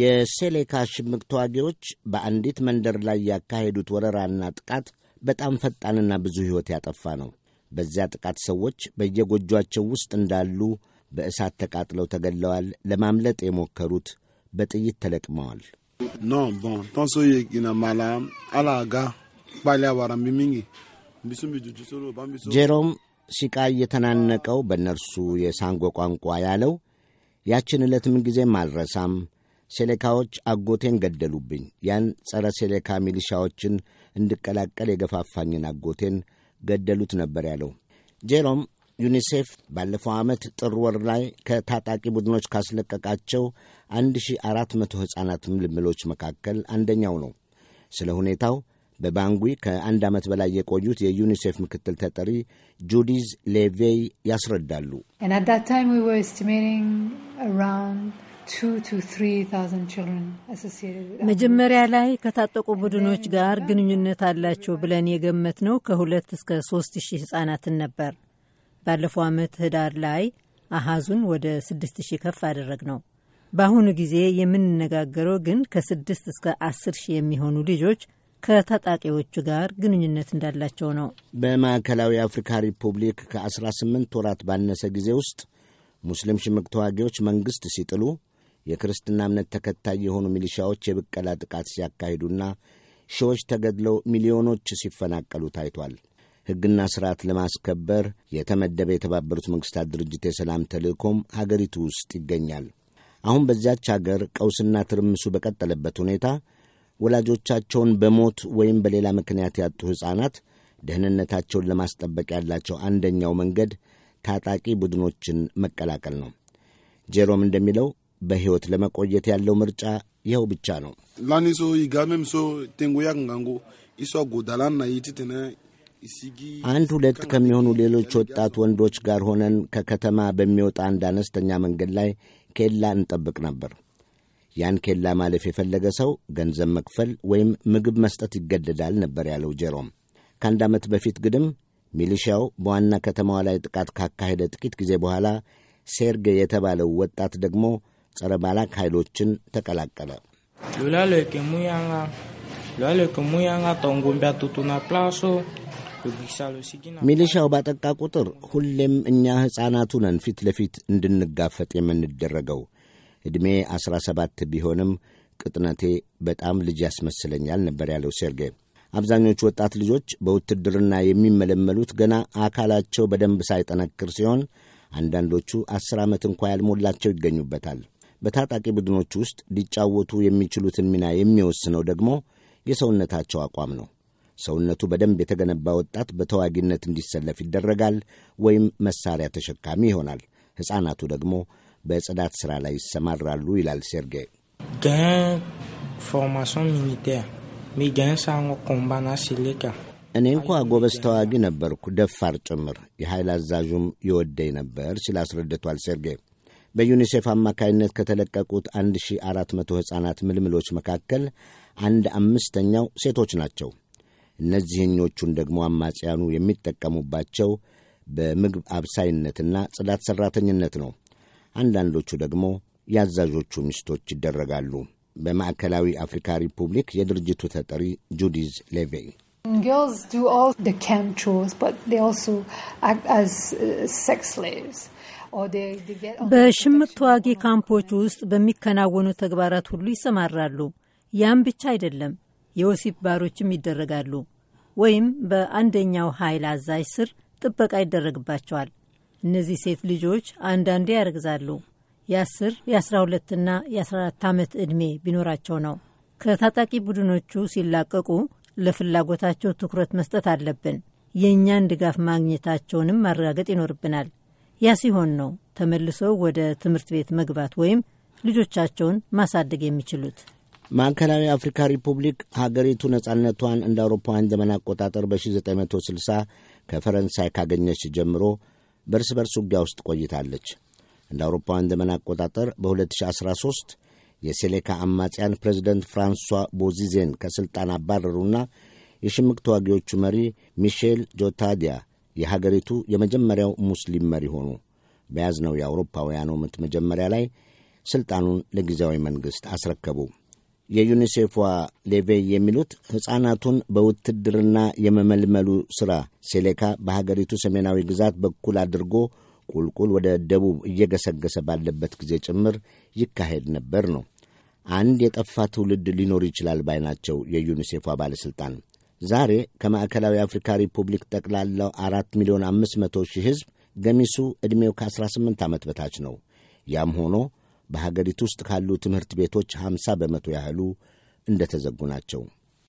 የሴሌካ ሽምቅ ተዋጊዎች በአንዲት መንደር ላይ ያካሄዱት ወረራና ጥቃት በጣም ፈጣንና ብዙ ሕይወት ያጠፋ ነው። በዚያ ጥቃት ሰዎች በየጎጇቸው ውስጥ እንዳሉ በእሳት ተቃጥለው ተገለዋል ለማምለጥ የሞከሩት በጥይት ተለቅመዋል። ጄሮም ሲቃ እየተናነቀው በእነርሱ የሳንጎ ቋንቋ ያለው ያችን ዕለት ምንጊዜም አልረሳም ሴሌካዎች አጎቴን ገደሉብኝ። ያን ጸረ ሴሌካ ሚሊሻዎችን እንድቀላቀል የገፋፋኝን አጎቴን ገደሉት ነበር ያለው ጄሮም። ዩኒሴፍ ባለፈው ዓመት ጥር ወር ላይ ከታጣቂ ቡድኖች ካስለቀቃቸው 1400 ሕፃናት ምልምሎች መካከል አንደኛው ነው። ስለ ሁኔታው በባንጉ ከአንድ ዓመት በላይ የቆዩት የዩኒሴፍ ምክትል ተጠሪ ጁዲዝ ሌቬይ ያስረዳሉ። መጀመሪያ ላይ ከታጠቁ ቡድኖች ጋር ግንኙነት አላቸው ብለን የገመት ነው ከሁለት እስከ ሶስት ሺህ ህጻናትን ነበር። ባለፈው ዓመት ህዳር ላይ አሃዙን ወደ ስድስት ሺህ ከፍ አደረግ ነው። በአሁኑ ጊዜ የምንነጋገረው ግን ከስድስት እስከ አስር ሺህ የሚሆኑ ልጆች ከታጣቂዎቹ ጋር ግንኙነት እንዳላቸው ነው። በማዕከላዊ አፍሪካ ሪፑብሊክ ከ18 ወራት ባነሰ ጊዜ ውስጥ ሙስሊም ሽምቅ ተዋጊዎች መንግሥት ሲጥሉ የክርስትና እምነት ተከታይ የሆኑ ሚሊሻዎች የብቀላ ጥቃት ሲያካሂዱና ሺዎች ተገድለው ሚሊዮኖች ሲፈናቀሉ ታይቷል። ሕግና ሥርዓት ለማስከበር የተመደበ የተባበሩት መንግሥታት ድርጅት የሰላም ተልእኮም ሀገሪቱ ውስጥ ይገኛል። አሁን በዚያች አገር ቀውስና ትርምሱ በቀጠለበት ሁኔታ ወላጆቻቸውን በሞት ወይም በሌላ ምክንያት ያጡ ሕፃናት ደህንነታቸውን ለማስጠበቅ ያላቸው አንደኛው መንገድ ታጣቂ ቡድኖችን መቀላቀል ነው። ጄሮም እንደሚለው በሕይወት ለመቆየት ያለው ምርጫ ይኸው ብቻ ነው። ላኒሶ ይጋሜምሶ ቴንጎያንጋንጎ ይሷ ጎዳላና ይትትነ አንድ ሁለት ከሚሆኑ ሌሎች ወጣት ወንዶች ጋር ሆነን ከከተማ በሚወጣ አንድ አነስተኛ መንገድ ላይ ኬላ እንጠብቅ ነበር። ያን ኬላ ማለፍ የፈለገ ሰው ገንዘብ መክፈል ወይም ምግብ መስጠት ይገደዳል ነበር ያለው ጄሮም። ከአንድ ዓመት በፊት ግድም ሚሊሻው በዋና ከተማዋ ላይ ጥቃት ካካሄደ ጥቂት ጊዜ በኋላ ሴርጌ የተባለው ወጣት ደግሞ ጸረ ባላክ ኃይሎችን ተቀላቀለ። ሚሊሻው ባጠቃ ቁጥር ሁሌም እኛ ሕፃናቱ ነን ፊት ለፊት እንድንጋፈጥ የምንደረገው። ዕድሜ ዐሥራ ሰባት ቢሆንም ቅጥነቴ በጣም ልጅ ያስመስለኛል ነበር ያለው ሴርጌ አብዛኞቹ ወጣት ልጆች በውትድርና የሚመለመሉት ገና አካላቸው በደንብ ሳይጠነክር ሲሆን አንዳንዶቹ ዐሥር ዓመት እንኳ ያልሞላቸው ይገኙበታል። በታጣቂ ቡድኖች ውስጥ ሊጫወቱ የሚችሉትን ሚና የሚወስነው ደግሞ የሰውነታቸው አቋም ነው። ሰውነቱ በደንብ የተገነባ ወጣት በተዋጊነት እንዲሰለፍ ይደረጋል ወይም መሳሪያ ተሸካሚ ይሆናል። ሕፃናቱ ደግሞ በጽዳት ሥራ ላይ ይሰማራሉ ይላል ሴርጌይ። እኔ እንኳ ጎበዝ ተዋጊ ነበርኩ፣ ደፋር ጭምር። የኃይል አዛዡም ይወደኝ ነበር ሲል አስረድቷል ሴርጌይ። በዩኒሴፍ አማካይነት ከተለቀቁት 1400 ሕፃናት ምልምሎች መካከል አንድ አምስተኛው ሴቶች ናቸው። እነዚህኞቹን ደግሞ አማጽያኑ የሚጠቀሙባቸው በምግብ አብሳይነትና ጽዳት ሠራተኝነት ነው። አንዳንዶቹ ደግሞ የአዛዦቹ ሚስቶች ይደረጋሉ። በማዕከላዊ አፍሪካ ሪፑብሊክ የድርጅቱ ተጠሪ ጁዲዝ ሌቬ በሽምቅ ተዋጊ ካምፖች ውስጥ በሚከናወኑ ተግባራት ሁሉ ይሰማራሉ። ያም ብቻ አይደለም፣ የወሲብ ባሮችም ይደረጋሉ፣ ወይም በአንደኛው ኃይል አዛዥ ስር ጥበቃ ይደረግባቸዋል። እነዚህ ሴት ልጆች አንዳንዴ ያረግዛሉ የአስር የአስራ የ የ12ና የ14 ዓመት ዕድሜ ቢኖራቸው ነው። ከታጣቂ ቡድኖቹ ሲላቀቁ ለፍላጎታቸው ትኩረት መስጠት አለብን። የእኛን ድጋፍ ማግኘታቸውንም ማረጋገጥ ይኖርብናል። ያ ሲሆን ነው ተመልሰው ወደ ትምህርት ቤት መግባት ወይም ልጆቻቸውን ማሳደግ የሚችሉት። ማዕከላዊ አፍሪካ ሪፑብሊክ ሀገሪቱ ነጻነቷን እንደ አውሮፓውያን ዘመን አቆጣጠር በ1960 ከፈረንሳይ ካገኘች ጀምሮ በእርስ በርስ ውጊያ ውስጥ ቆይታለች። እንደ አውሮፓውያን ዘመን አቆጣጠር በ2013 የሴሌካ አማጽያን ፕሬዚደንት ፍራንሷ ቦዚዜን ከሥልጣን አባረሩና የሽምቅ ተዋጊዎቹ መሪ ሚሼል ጆታዲያ የሀገሪቱ የመጀመሪያው ሙስሊም መሪ ሆኑ። በያዝነው የአውሮፓውያን ዓመት መጀመሪያ ላይ ሥልጣኑን ለጊዜያዊ መንግሥት አስረከቡ። የዩኒሴፏ ሌቬይ የሚሉት ሕፃናቱን በውትድርና የመመልመሉ ሥራ ሴሌካ በሀገሪቱ ሰሜናዊ ግዛት በኩል አድርጎ ቁልቁል ወደ ደቡብ እየገሰገሰ ባለበት ጊዜ ጭምር ይካሄድ ነበር ነው። አንድ የጠፋ ትውልድ ሊኖር ይችላል ባይ ናቸው የዩኒሴፏ ባለሥልጣን። ዛሬ ከማዕከላዊ አፍሪካ ሪፑብሊክ ጠቅላላው አራት ሚሊዮን አምስት መቶ ሺህ ሕዝብ ገሚሱ ዕድሜው ከ18 ዓመት በታች ነው። ያም ሆኖ በሀገሪቱ ውስጥ ካሉ ትምህርት ቤቶች 50 በመቶ ያህሉ እንደተዘጉ ናቸው።